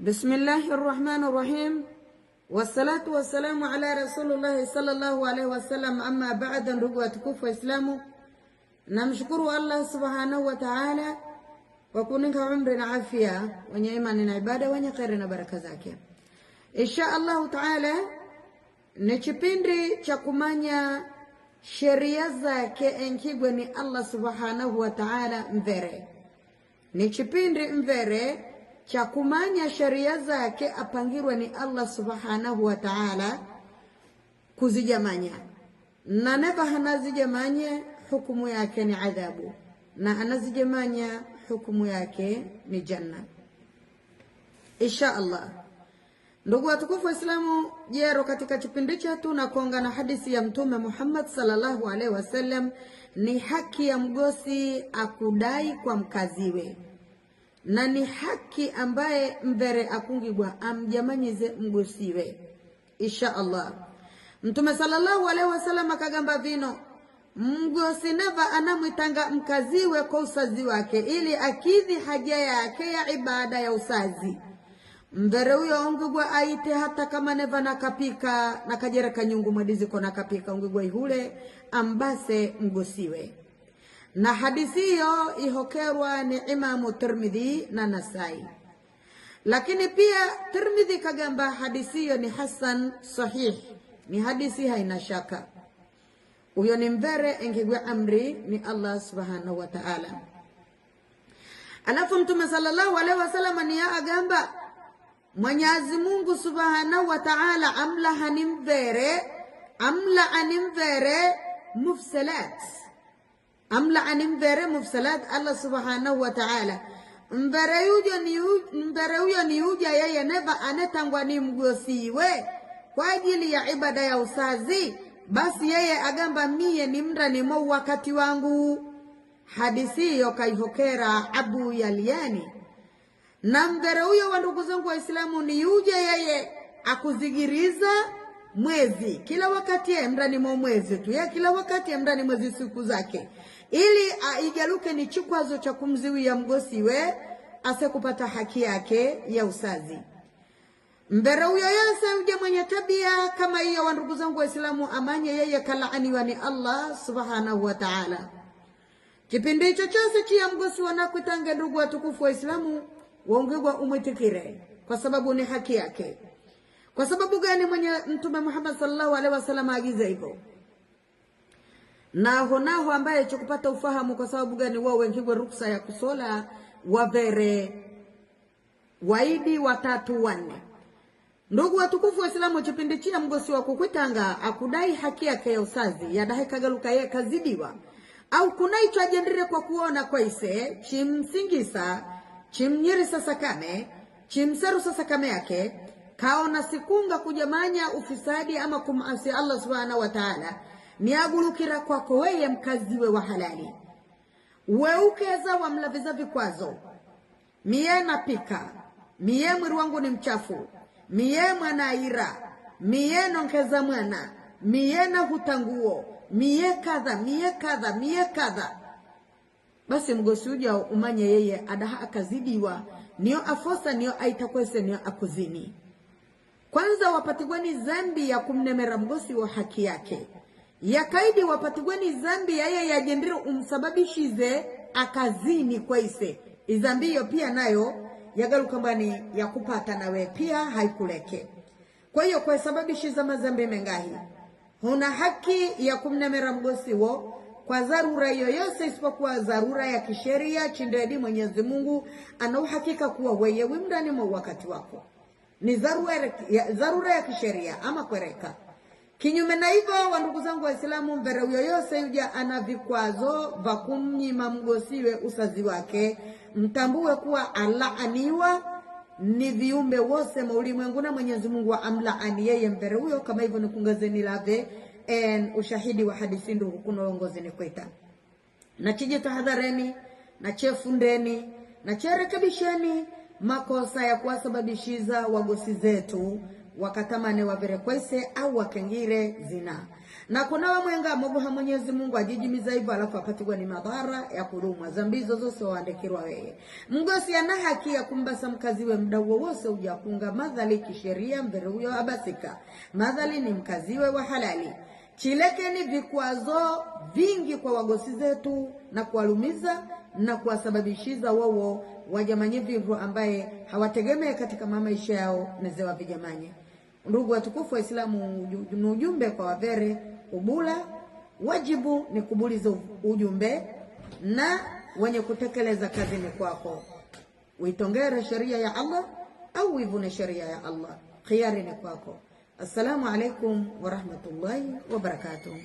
بسم الله الرحمن الرحيم والصلاة والسلام على رسول الله صلى الله عليه وسلم أما بعد نرجو أتكوف إسلامه نمشكر الله سبحانه وتعالى وكونك عمرنا عافية ونعمنا عبادة خير بركة zake إن شاء الله تعالى ni kipindi cha kumanya sheria zake enkigwe الله سبحانه وتعالى wa ta'ala cha kumanya sheria zake apangirwa ni Allah subhanahu wa ta'ala kuzijamanya na neva hanazijamanye hukumu yake ni adhabu na anazijamanya hukumu yake ni janna insha Allah ndugu watukufu waislamu jero katika kipindi chetu na na hadithi ya mtume Muhammad sallallahu alaihi wasallam ni haki ya mgosi akudai kwa mkaziwe na ni haki ambaye mvere akungigwa amjamanyize mgusiwe insha Allah. Mtume sallallahu alaihi wasallam akagamba vino mgosi neva anamwitanga mkaziwe kwa usazi wake ili akidhi haja yake ya ibada ya usazi. Mvere huyo ungigwa aite hata kama neva nakapika nakajereka nyungu mwadizi ko nakapika ungigwa ihule ambase mgosiwe na hadithi hiyo ihokerwa ni Imamu Tirmidhi na Nasai, lakini pia Tirmidhi kagamba hadithi hiyo ni hasan sahih, ni hadithi haina shaka. Huyo ni mvere engigwe amri ni Allah subhanahu wa ta'ala. Alafu Mtume sallallahu alaihi wasallam ya agamba Mwenyezi Mungu subhanahu wa ta'ala amla hanimvere amla animvere mufsalat amla amlacaninbere mufsalaad alla subxaanahu watacaala mberehuyo niuje yeye neva anetangwa ni mgosiwe kwa ajili ya ibada ya usazi, basi yeye agamba mie ni mnda nimo wakati wangu. Hadisi hiyo kaihokera Abu Yalyani. Na mbere huyo wa ndugu zangu Waislamu niuje yeye akuzigiriza mwezi kila wakati, ye mndani mwa mwezi tu, ye kila wakati ye mndani mwezi siku zake ili aijaluke ni chikwazo cha kumziwia mgosiwe asekupata haki yake ya usazi. mbere huyo yose uja mwenye tabia kama hiyo, wa ndugu zangu Waislamu, amanye yeye kalaaniwa ni Allah subhanahu wa ta'ala. Kipindi hicho chose chiya mgosi wanakwitange, ndugu watukufu Waislamu, waungigwa umwitikire, kwa sababu ni haki yake. Kwa sababu gani? Mwenye Mtume Muhammad sallallahu alaihi wasallam aagiza hivyo na honaho ambaye chokupata ufahamu kwa sababu gani wao wengiwe ruksa ya kusola wavere waidi watatu wanne. Ndugu watukufu wa Islamu chia mgosi wa kukwitanga akudai haki yake ya usazi kagaluka ye kazidiwa au kunaicho ajendire kwa kuona ise chimsingisa chimnyiri sasakame chimseru sasakame yake kaona sikunga kujamanya ufisadi ama kumasi Allah subhanahu wa ta'ala niagulukira kwako weye mkaziwe wa halali weukeza wamlaviza vikwazo miye napika miye mwiri wangu ni mchafu miye mwanaira miye nonkeza mwana miye navuta nguo miye kadha miye kadha miye kadha basi mgosi ujao umanye yeye adaha akazidiwa niyo afosa niyo aitakwese niyo akuzini kwanza wapatigweni zambi ya kumnemera mgosi wa haki yake yakaidi wapatigweni zambi yaye yajendiro umsababishize akazini kwaise izambi hiyo pia nayo yagalukambani yakupata nawe pia haikuleke kwa hiyo kwesababishiza mazambi mengahi huna haki ya kumnemera mgosiwo kwa dharura yoyose isipokuwa dharura ya kisheria chindedi Mwenyezi Mungu ana uhakika kuwa weye mndani mwa wakati wako ni dharura ya, ya kisheria ama kwereka Kinyume na hivyo, wa ndugu zangu Waislamu, mvereu yoyose yuja ana vikwazo vya kumnyima mgosiwe usazi wake, mtambue kuwa alaaniwa ni viumbe wose maulimwengu na Mwenyezi Mungu amlaani yeye mbere huyo. Kama hivyo kungazeni lave en ushahidi wa hadithi ndugu ni kweta na chije tahadhareni na chefundeni na cherekebisheni makosa ya kuwasababishiza wagosi zetu wakatamane kwese au wakengire zina na kunawa mwenga moguha Mwenyezi Mungu ajijimiza hivyo, alafu apatigwa ni madhara ya kurumwa zambizo zose waandikirwa weye. Mgosi ana haki ya kumbasa mkaziwe muda wowose ujakunga madhali kisheria mbere huyo abasika madhali ni mkaziwe wa halali chileke chilekeni vikwazo vingi kwa wagosi zetu na kuwalumiza na kuwasababishiza wowo wajamanye vivu ambaye hawategemee katika mamaisha yao nezewa vijamanye Ndugu watukufu Waislamu, ni ujumbe kwa Wavere Ubula. Wajibu ni kubuliza ujumbe na wenye kutekeleza kazi ni kwako. Uitongere sheria ya Allah au uivune sheria ya Allah, khiyari ni kwako. Assalamu alaikum warahmatullahi wabarakatuh.